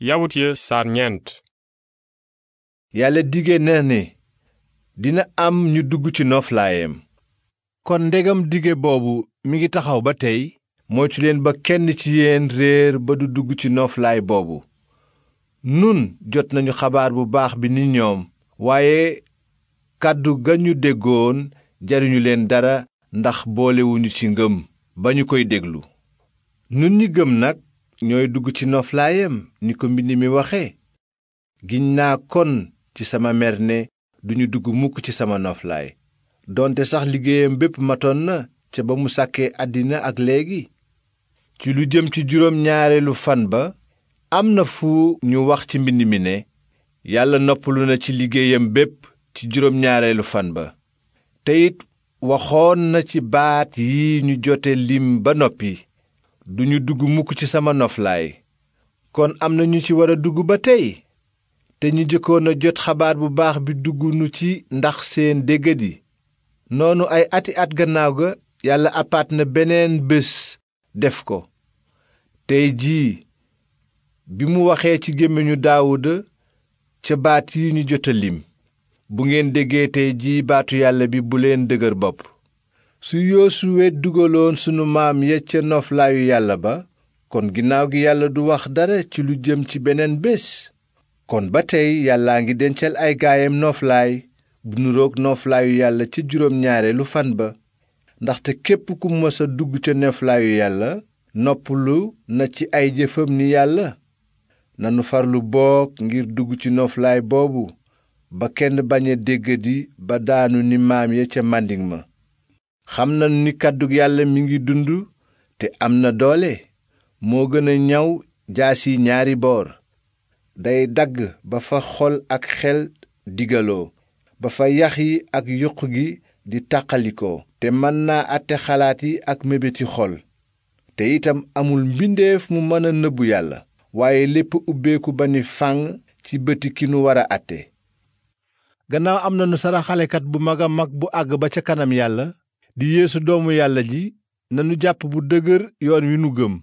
yawut ya saar ñeent yàlla dige na ne dina am ñu dugg ci nooflaayam kon ndegam dige boobu mi ngi taxaw ba tey moytu leen ba kenn ci yéen réer ba du dugg ci nooflaay boobu nun jot nañu xabaar bu baax bi ni ñoom waaye kàddu ga ñu déggoon jariñu leen dara ndax boolewuñu ci ngëm ba ñu koy déglu nun ñi gëm nag ñooy dugg ci noflaayam ni ko mbind mi waxe giñ naa kon ci sama mer ne duñu dugg mukk ci sama noflaay doonte sax liggéeyam bépp matoon na ca ba mu sàkkee àddina ak léegi ci lu jëm ci juróom ñaareelu fan ba am na fu ñu wax ci mbind mi ne yàlla noppalu na ci liggéeyam bépp ci juróom ñaareelu fan ba te it waxoon na ci baat yi ñu jote lim ba noppi duñu dugg mukk ci sama noflaay kon am na ñu ci war a dugg ba tey te ñu jëkkoon a jot xabaar bu baax bi dugg nu ci ndax seen déggadi noonu ay ati at gannaaw ga yàlla apaat na beneen bés def ko tey jii bi mu waxee ci gémmiñu daawuda ca baat yi ñu jot lim bu ngeen déggee tey jii baatu yàlla bi bu leen dëgër bopp su yoosuwe dugaloon sunu maam ya ca noflaayu yàlla ba kon ginnaaw gi yàlla du wax dara ci lu jëm ci beneen bés kon ba tey yàlla ngi dencal ay gaayam nooflaay bu nuroog nooflaayu yàlla ca juróom ñaareelu fan ba ndaxte képp ku mësa dugg ca nooflaayu yàlla noppalu na ci ay jëfam ni yàlla nanu farlu boog ngir dugg ci nooflaay boobu ba kenn bañ a déggadi ba daanu ni maam ya ca màndiŋ ma xam na ni kàddu yàlla mi ngi dund te am na doole moo gën a ñaw jaasi ñaari boor day dagg ba fa xol ak xel digaloo ba fa yax yi ak yuq gi di tàqalikoo te mën naa àtte xalaat yi ak mébéti xol te itam amul mbindeef mu mën a nëbbu yàlla waaye lépp ubbeeku ba ni fànn ci bëti ki nu war a àtte gannaaw am na nu saraxalekat bu mag a mag bu àgg ba ca kanam yàlla di yeesu doomu yàlla ji nanu jàpp bu dëgër yoon wi nu gëm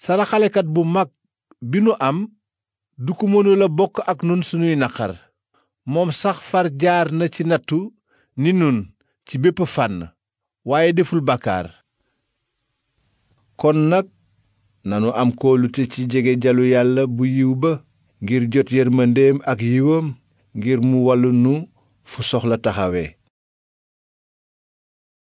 saraxalekat bu mag bi nu am du ko mënula bokk ak nun sunuy naqar moom sax far jaar na ci nattu ni nun ci bépp fànn waaye deful bàkkaar kon nag nanu am kóolute ci jege jalu yàlla bu yiw ba ngir jot yërmandeem ak yiwam ngir mu wàllu nu fu soxla taxawe